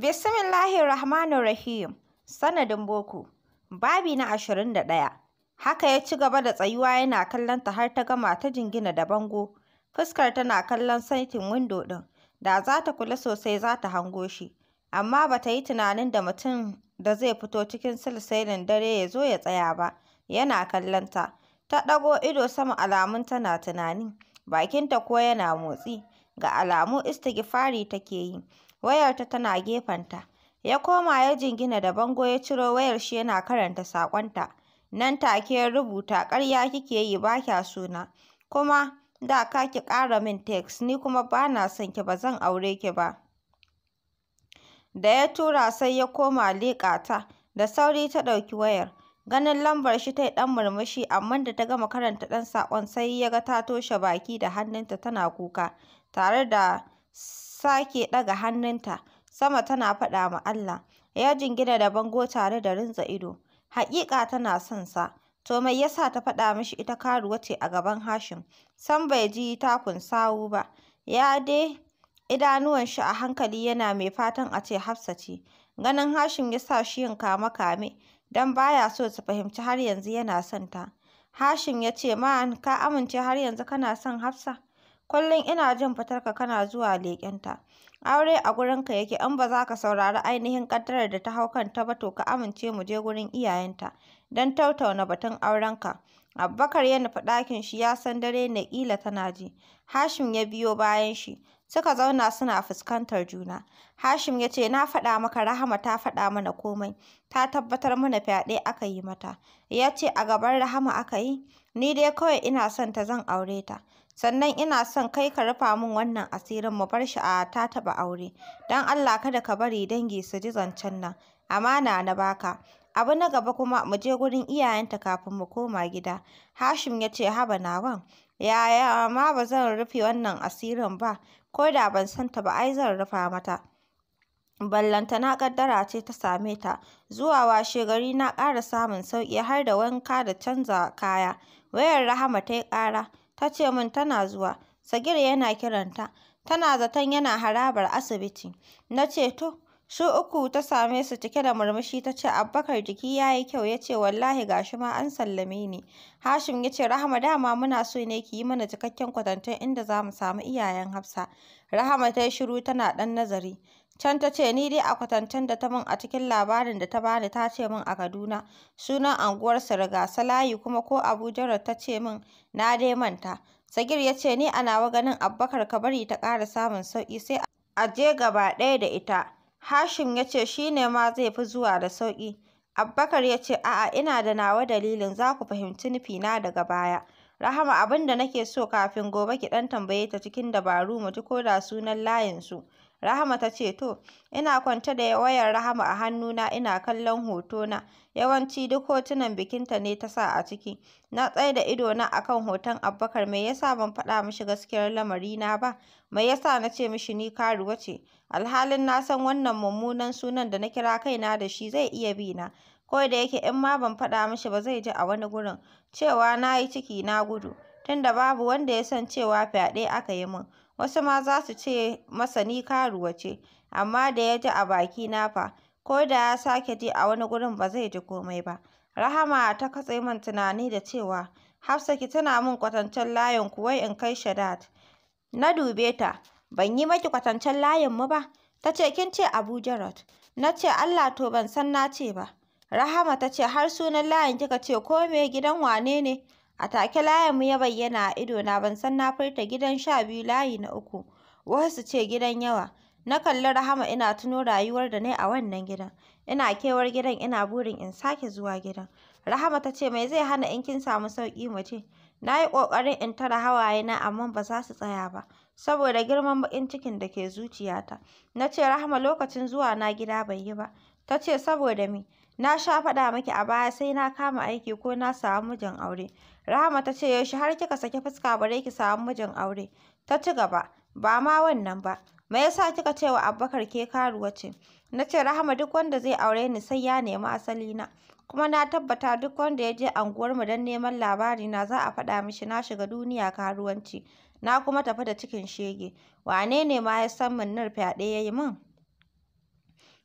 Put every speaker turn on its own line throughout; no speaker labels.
Bismillahir Rahmanir Rahim. Sanadin Boko. Babi na ashirin da ɗaya. Haka ya ci gaba da tsayuwa yana kallon ta har ta gama ta jingina da bango. Fuskar tana kallon saitin windo ɗin. Da za ta kula sosai za ta hango shi. Amma ba ta yi tunanin da mutum da zai fito cikin silsilin dare ya zo ya tsaya ba. Yana kallon ta. Ta ɗago ido sama alamun tana tunani. Bakinta ko yana motsi. ga alamu istighfari take yi, wayarta tana gefenta. Ya koma ya jingina da bango ya ciro wayar shi yana karanta sakonta Nan take ya rubuta ƙarya kike yi ba kya suna, kuma da ka ki ƙara min text ni kuma ba na son ki ba zan aure ki ba. Da ya tura sai ya koma leƙa ta, da sauri ta ɗauki wayar. Ganin lambar shi ta yi ɗan murmushi amma da ta gama karanta ɗan saƙon sai ya ga ta toshe baki da hannunta tana kuka. tare da sake ɗaga hannunta sama tana faɗa ma Allah. Ya jingina da bango tare da rinza ido. Haƙiƙa tana son sa. To mai yasa ta faɗa mishi ita karuwa ce a gaban Hashim? San bai ji takun sawu ba. Ya dai idanuwan shi a hankali yana mai fatan a ce Hafsa ce. Ganin Hashim ya sa shi yin kame-kame don baya so su fahimci har yanzu yana son ta. Hashim ya ce, "Man, ka amince har yanzu kana son Hafsa?" Kullum ina jin fitarka kana zuwa leƙen ta. Aure a gurinka yake, in ba za ka saurari ainihin ƙaddarar da ta hau kanta ba to ka amince mu je gurin iyayenta don tattauna batun aurenka. Abubakar ya nufi ɗakin shi ya san dare ne ƙila tana ji. Hashim ya biyo bayan shi. Suka zauna suna fuskantar juna. Hashim ya ce, Na faɗa maka Rahama ta faɗa mana komai. Ta tabbatar mana fyaɗe aka yi mata. Ya ce, A gaban Rahama aka yi? Ni dai kawai ina son ta zan aure ta. Sannan ina son kai ka rufa min wannan asirin mu bar shi a ta taɓa aure. Don Allah kada ka bari dangi su ji zancen nan. Amana na baka. Abu na gaba kuma mu je gurin iyayenta kafin mu koma gida. Hashim ya ce, Haba nawan. Yaya ma ba zan rufe wannan asirin ba? ko da ban san ta ba ai zan rufa mata. Ballantana ƙaddara ce ta same ta, zuwa washe, gari na ƙara samun sauƙi har da wanka da canza kaya. Wayar Rahama ta yi ƙara, ta ce min tana zuwa, Sagir yana kiranta, tana zaton yana harabar asibiti. Na ce to, Su uku ta same su cike da murmushi ta ce, Abubakar jiki ya yi kyau, ya ce, wallahi ga shi ma an sallame ni. Hashim ya ce, Rahama dama muna so ne ki yi mana cikakken kwatantun inda za mu samu iyayen Hafsa. Rahama ta yi shiru tana ɗan nazari. Can ta ce, ni dai a kwatantun da ta mun a cikin labarin da ta bani ta ce min a Kaduna, sunan riga Salayi kuma ko Abuja ta ce min na dai manta. Sagir ya ce, ni a nawa ganin Abubakar ka bari ta ƙara samun sauƙi sai a je gaba ɗaya da ita. Hashim ya ce shi ne ma zai fi zuwa da sauƙi. Abubakar ya ce a'a ina da nawa dalilin za ku fahimci nufina daga baya. Rahama abin da nake so kafin gobe ki ɗan tambaye ta cikin dabaru mu ji ko da sunan layinsu Rahama ta ce to, ina kwance da wayar Rahama a hannuna ina kallon hotona, yawanci duk hotunan bikinta ne ta sa a ciki. Na tsai da idona a kan hoton Abubakar me yasa ban faɗa mishi gaskiyar lamarina ba, me yasa na ce mishi ni karuwa ce, alhalin na san wannan mummunan sunan da na kira kaina da shi zai iya bi na. ko da yake in ma ban faɗa mishi ba zai ji a wani gurin cewa na yi ciki na gudu tunda babu wanda ya san cewa fyaɗe aka yi min wasu ma za su ce masa ni karuwa ce, amma da ya ji a bakina fa, ko da ya sake ji a wani gurin ba zai ji komai ba. Rahama ta katse min tunani da cewa, Hafsa ki tana min kwatancen layin ku wai in kai Shaddad. Na dube ta, ban yi maki kwatancen layin mu ba, ta ce kin ce Abuja Road. Na ce Allah to ban san na ce ba. Rahama ta ce har sunan layin kika ce ko me gidan wane ne? A take layinmu ya bayyana a idona ban san na furta gidan sha biyu layi na uku, wasu su ce gidan yawa. Na kalli Rahama ina tuno rayuwar da na a wannan gidan. Ina kewar gidan ina burin in sake zuwa gidan. Rahama ta ce me zai hana in kin samu sauƙi mu je. Na yi ƙoƙarin in tare hawayena amma ba za su tsaya ba, saboda girman baƙin cikin da ke zuciyata. Na ce Rahama lokacin zuwa na gida bai yi ba. Ta ce saboda me? Na sha faɗa miki a baya sai na kama aiki ko na samu mijin aure. Rahama ta ce yaushe har kika saki fuska bare ki samu mijin aure. Ta ci gaba, ba ma wannan ba. Me yasa kika ce wa Abubakar ke karuwa ce? Na ce Rahama duk wanda zai aure ni sai ya nemi asali na. Kuma na tabbata duk wanda ya je anguwar mu don neman labari na za a faɗa mishi na shiga duniya karuwanci. Na kuma tafi da cikin shege. Wane ne ma ya san min nar fyaɗe ya yi min?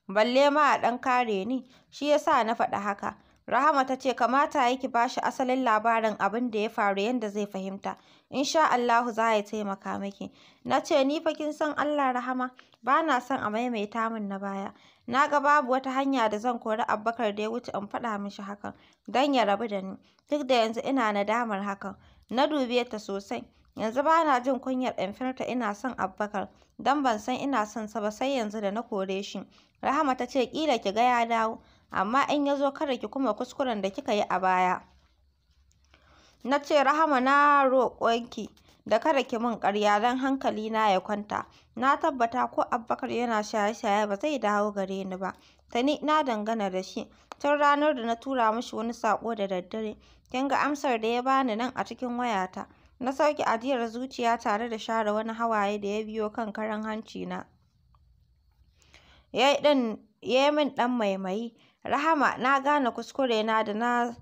Balle ma a ɗan kare ni, shi ya sa na faɗi haka. Rahama ta ce kamata yi ki shi asalin labarin abin da ya faru yadda zai fahimta. Insha Allahu za ya taimaka miki. Na ce ni fa kin san Allah Rahama ba na son a maimaita min na baya. Na ga babu wata hanya da zan kori Abubakar da ya wuce in faɗa mishi hakan don ya rabu da ni. Duk da yanzu ina nadamar hakan. Na dube ta sosai. Yanzu ba na jin kunyar in furta ina son Abubakar don ban san ina son sa ba sai yanzu da na kore shi. Rahama ta ce ƙila ki ga ya dawo. amma in ya zo kada ki kuma kuskuren da kika yi a baya na ce rahama na roƙonki da kada ki min ƙarya don na ya kwanta na tabbata ko abubakar yana shaye-shaye ba zai dawo gare ni ba tani na dangana da shi tun ranar da na tura mashi wani saƙo da daddare kin ga amsar da ya bani nan a cikin wayata na sauke ajiyar zuciya tare da share wani hawaye da ya biyo kan karan hanci na yi min ɗan maimayi Rahama na gane kuskurena da na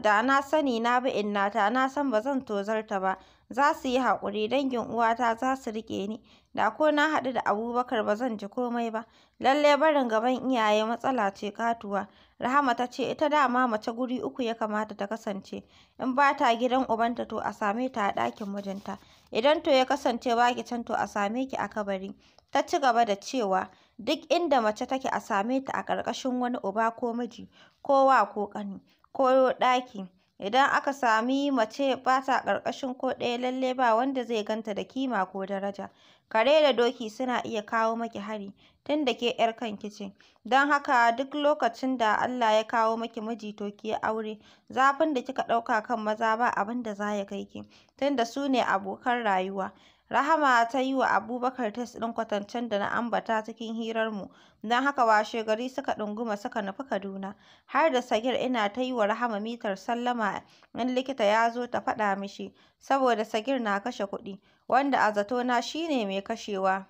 da na sani na bi innata na san ba zan tozarta ba za su yi haƙuri dangin uwata za su riƙe ni da ko na haɗu da Abubakar ba zan ji komai ba lallai barin gaban iyaye matsala ce katuwa Rahama ta ce ita dama mace guri uku ya kamata ta kasance in ba ta gidan ubanta to a same ta a ɗakin mijinta idan to ya kasance ba ki can to a same ki a kabari ta ci gaba da cewa Duk inda mace take a same ta a ƙarƙashin wani uba ko miji ko wa ko ƙani ko ɗaki. Idan aka sami mace ba ta ƙarƙashin ko ɗaya lalle ba wanda zai ganta da kima ko daraja. Kare da doki suna iya kawo maki hari tunda ke ‘yar kanki ce. Don haka duk lokacin da Allah ya kawo maki miji to ki yi aure. Zafin da kika ɗauka kan maza ba abin da za ya kai ki tunda su ne abokan rayuwa. Rahama ta yi wa Abubakar tes ɗin kwatancen da na ambata cikin hirarmu, don haka washegari suka ɗunguma suka nufi Kaduna, har da Sagir ina ta yi wa Rahama mitar sallama in likita ya zo ta faɗa mishi, saboda Sagir na kashe kuɗi, wanda a zatona shi ne mai kashewa.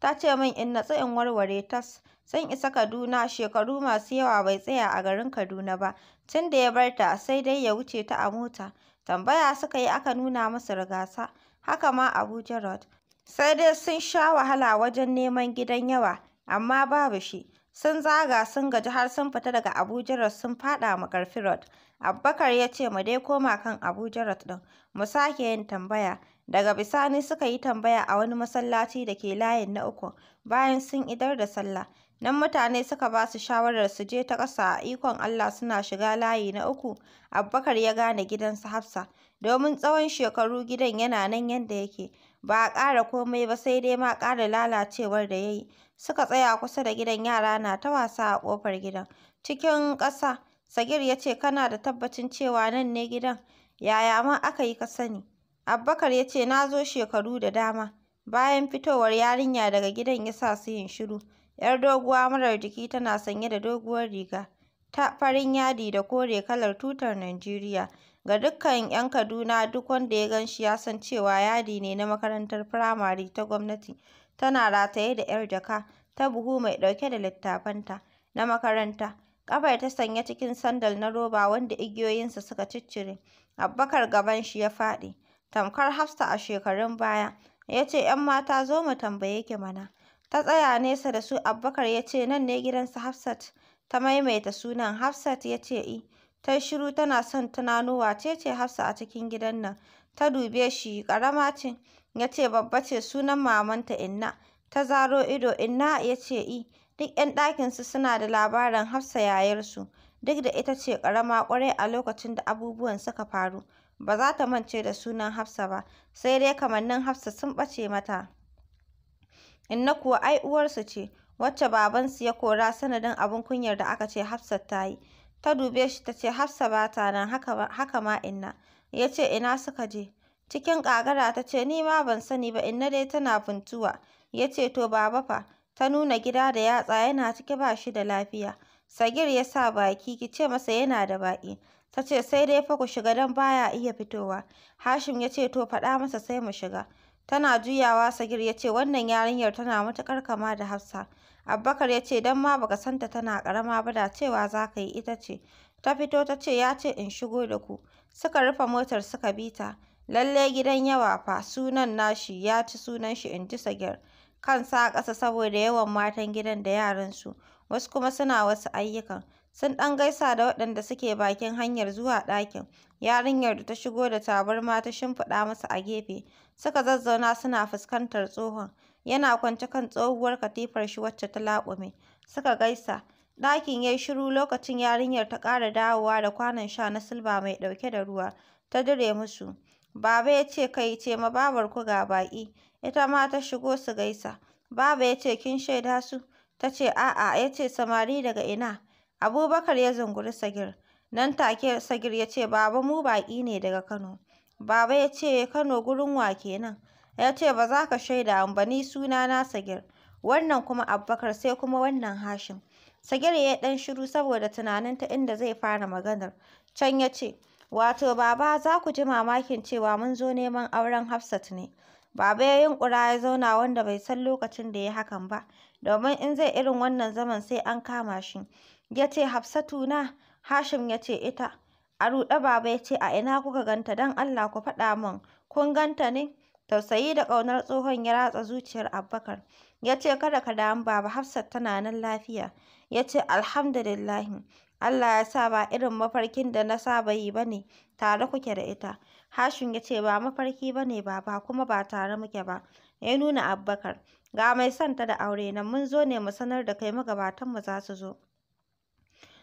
Ta ce min in natsu in warware tas, sun isa Kaduna shekaru masu yawa bai tsaya a garin Kaduna ba, tun da ya bar ta sai dai ya wuce ta a mota. Tambaya suka yi aka nuna musu rigasa. haka ma Abuja Road. Sai dai sun sha wahala wajen neman gidan yawa, amma babu shi. Sun zaga sun gaji har sun fita daga Abuja Road sun faɗa Makarfi Road. Abubakar ya ce mu dai koma kan Abuja Road ɗin, mu sake yin tambaya. Daga bisani suka yi tambaya a wani masallaci da ke layin na uku bayan sun idar da sallah. Nan mutane suka ba su shawarar su je ta ƙasa a ikon Allah suna shiga layi na uku, Abubakar ya gane su Hafsa. domin tsawon shekaru gidan yana nan yadda yake, ba a ƙara komai ba sai dai ma ƙara lalacewar da ya yi. Suka tsaya kusa da gidan yara na ta wasa a ƙofar gidan. Cikin ƙasa, Sagir ya ce, kana da tabbacin cewa nan ne gidan? Yaya ma aka yi ka sani? Abubakar ya ce, na zo shekaru da dama. Bayan fitowar yarinya daga gidan ya sa su yin shiru. 'Yar doguwa marar jiki tana sanye da doguwar riga, ta farin yadi da kore kalar tutar Najeriya. Ga dukkan 'yan Kaduna, duk wanda ya gan shi ya san cewa yadi ne na makarantar firamare ta gwamnati tana rataye da 'yar jaka ta buhu mai ɗauke da littafanta na makaranta, ƙafar ta sanya cikin sandal na roba wanda igiyoyinsa suka ciccire. Abakar gaban shi ya faɗi, tamkar Hafsa a shekarun baya, ya ce ‘yan mata zo mu tambaye ki mana. Ta tsaya nesa da su Abubakar ya ce nan ne gidansu Hafsat, ta maimaita sunan Hafsat ya ce i. Ta yi shiru tana son tunano wace ce Hafsa a cikin gidan nan. Ta dube shi, ƙarama ce. Ya ce babba ce sunan mamanta Inna. Ta zaro ido, Inna ya ce i. Duk 'yan ɗakinsu suna da labarin Hafsa yayarsu. Duk da ita ce ƙarama ƙwarai a lokacin da abubuwan suka faru. Ba za ta mance da sunan Hafsa ba, sai dai kamannin Hafsa sun ɓace mata. Inna kuwa ai uwarsu ce, wacce babansu ya kora sanadin abin kunyar da aka ce Hafsat ta yi. ta dube shi ta ce Hafsa ba ta nan haka ma inna ya ce ina suka je cikin ƙagara ta ce ni ma ban sani ba inna dai tana funtuwa ya ce to baba fa ta nuna gida da yatsa yana cike ba shi da lafiya sagir ya sa baki ki ce masa yana da baki. ta ce sai dai fa ku shiga don baya iya fitowa hashim ya ce to faɗa masa sai mu shiga tana juyawa sagir ya ce wannan yarinyar tana matuƙar kama da hafsa Abubakar ya ce, don ma baka ta tana ƙarama ba da cewa za ka yi ita ce. Ta fito ta ce, ya ce in shigo da ku. Suka rufe motar suka bi ta. Lallai gidan yawa fa, sunan nashi ya ci sunan shi in ji Sagir. Kansa ƙasa saboda yawan matan gidan da yaransu. Wasu kuma suna wasu ayyukan. Sun ɗan gaisa da waɗanda suke bakin hanyar zuwa ɗakin. Yarinyar da ta shigo da tabarma ta shimfiɗa masa a gefe. Suka zazzauna suna fuskantar tsohon. yana kwance kan tsohuwar katifar shi wacce ta laƙume. Suka gaisa. Ɗakin ya yi shiru lokacin yarinyar ta ƙara dawowa da kwanon sha na silba mai ɗauke da ruwa, ta dire musu. Baba ya ce kai ce ma babar ku ga baƙi, ita ma ta shigo su gaisa. Baba ya ce kin shaida su? Ta ce a'a, ya ce samari daga ina? Abubakar ya zunguri Sagir. Nan take Sagir ya ce baba mu baƙi ne daga Kano. Baba ya ce Kano gurin wa kenan? ya ce ba za ka shaida min ba ni sunana Sagir wannan kuma Abubakar sai kuma wannan Hashim Sagir ya yi ɗan shiru saboda tunanin ta inda zai fara maganar can ya ce wato baba za ku ji mamakin cewa mun zo neman auren Hafsat ne baba ya yunƙura ya zauna wanda bai san lokacin da ya hakan ba domin in zai irin wannan zaman sai an kama shi ya ce Hafsatu na Hashim ya ce ita a ruɗe baba ya ce a ina kuka ganta don Allah ku faɗa min kun ganta ne Tausayi da ƙaunar tsohon ya ratsa zuciyar Abubakar. Ya ce, Kada ka damu Baba, Hafsat tana nan lafiya. Ya ce, Alhamdulillahi, Allah ya sa ba irin mafarkin da na saba yi ba ne, tare kuke da ita. Hashim ya ce, Ba mafarki ba ne Baba, kuma ba tare muke ba. Ya nuna Abubakar, Ga mai son ta da aure nan, mun zo ne mu sanar da kai magabatanmu za su zo.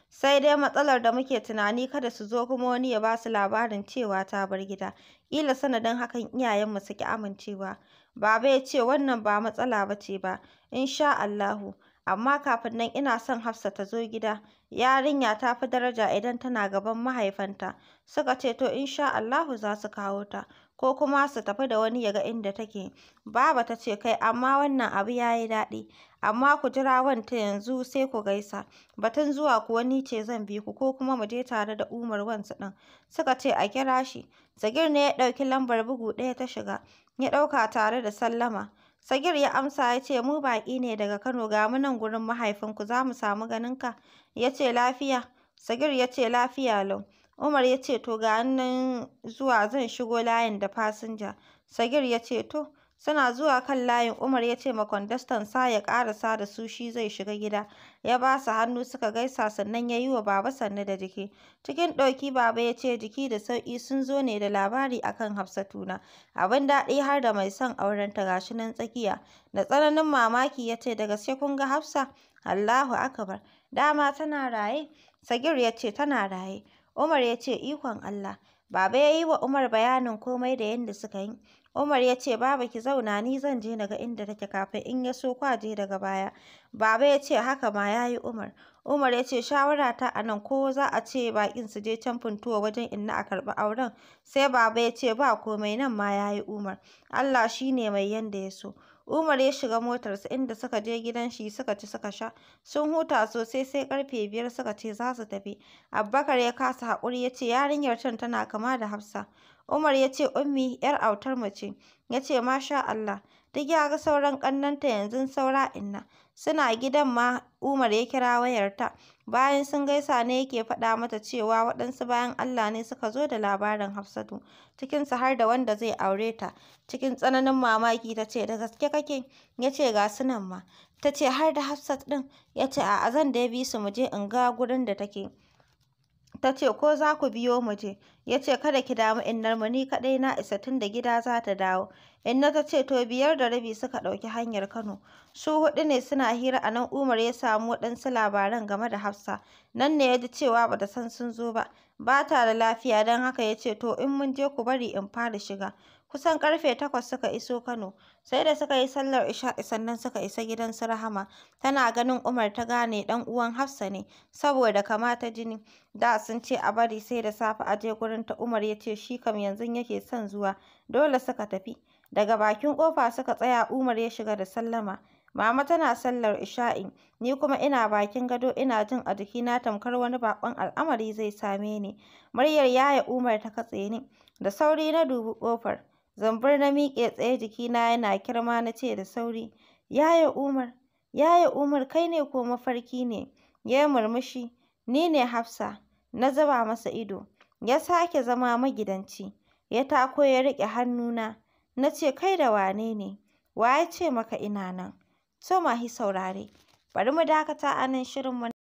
sai dai matsalar da muke tunani kada su zo kuma wani ya ba su labarin cewa ta bar gida Ƙila sanadin hakan iyayenmu suki amincewa. Baba ya ce wannan ba matsala ba ce ba, in Allahu. amma kafin nan ina son Hafsa ta zo gida. Yarinya ta fi daraja idan tana gaban mahaifanta. Suka ce to insha Allahu za su kawo ta, ko kuma su tafi da wani ya ga inda take. Baba ta ce kai amma wannan abu ya yi daɗi, amma ku jira wanta yanzu sai ku gaisa. Batun zuwa kuwa ni ce zan bi ku ko kuma mu je tare da Umar wansu ɗin. Suka ce a kira shi. Sagir ne ya ɗauki lambar bugu ɗaya ta shiga, ya ɗauka tare da sallama. Sagir ya amsa ya ce, mu baƙi ne daga Kano, ga mu nan gurin mahaifinku, za mu samu ganinka. Ya ce, lafiya. Sagir ya ce, lafiya lau. Umar ya ce, to ga nan zuwa zan shigo layin da fasinja. Sagir ya ce, to, Suna zuwa kan layin, Umar ya ce ma kwandastonsa ya ƙarasa da su shi zai shiga gida. Ya ba su hannu suka gaisa sannan ya yi wa Baba sannu da jiki. Cikin ɗauki Baba ya ce jiki da sauƙi sun zo ne da labari akan kan Hafsatuna. Abin daɗi har da mai son aurenta ga shi nan tsakiya. Da tsananin mamaki ya ce da gaske kun ga Hafsa? Allahu akbar. Dama tana raye? Sagir ya ce tana raye. Umar ya ce ikon Allah. Baba ya yi wa Umar bayanin komai da yadda suka yi. Umar ya ce baba ki zauna ni zan je naga inda take kafin in ya so kwa je daga baya. Baba ya ce haka ma ya yi Umar. Umar ya ce shawara ta a nan ko za a ce baƙin su je can fintuwa wajen inna a karɓi auren. Sai baba ya ce ba komai nan ma ya yi Umar. Allah shi ne mai yanda ya so. Umar ya shiga motarsa inda suka je gidan shi suka ci suka sha. Sun huta sosai sai karfe biyar suka ce za su tafi. Abubakar ya kasa haƙuri ya ce yarinyar can tana kama da Hafsa. Umar ya ce Ummi 'yar autar ce, ya ce masha Allah, duk ya ga sauran ƙannenta yanzu saura inna. Suna gidan ma Umar ya kira wayarta, bayan sun gaisa ne yake faɗa mata cewa waɗansu bayan Allah ne suka zo da labarin Hafsatu, cikinsu har da wanda zai aure ta. Cikin tsananin mamaki ta ce, da gaske kake? Ya ce ga su ma. Ta ce har da Hafsat ɗin? Ya ce a'a zan dai bi su mu je in ga gurin da take. ta ce ko za ku biyo mu je ya ce kada ki damu innarmu ni kaɗai na isa tun da gida za ta dawo inna ta ce to biyar da rabi suka ɗauki hanyar kano su huɗu ne suna hira a nan umar ya samu waɗansu labaran game da hafsa nan ne ya ji cewa ba ta san sun zo ba ba ta da lafiya don haka ya ce to in mun je ku bari in fara shiga. Kusan ƙarfe takwas suka iso Kano, sai da suka yi sallar isha'i sannan suka isa gidan su Rahama. Tana ganin Umar ta gane ɗan uwan Hafsa ne, saboda kama ta jini. Da sun ce a bari sai da safe a je gurin ta Umar ya ce shi kam yanzu yake son zuwa, dole suka tafi. Daga bakin kofa suka tsaya Umar ya shiga da sallama. Mama tana sallar isha'i, ni kuma ina bakin gado ina jin a jikina tamkar wani baƙon al'amari zai same ni. Muryar Yaya Umar ta katse ni, da sauri na dubi ƙofar. zambar na miƙe tsaye jikina yana kirma na ce da sauri, Yaya Umar, Yaya Umar kai ne ko mafarki ne? Ya murmushi, ni ne Hafsa. Na zaba masa ido, ya sake zama magidanci, ya tako ya riƙe hannuna. Na ce kai da wane ne? Wa ya ce maka ina nan? so masu saurare, bari mu dakata a nan shirinmu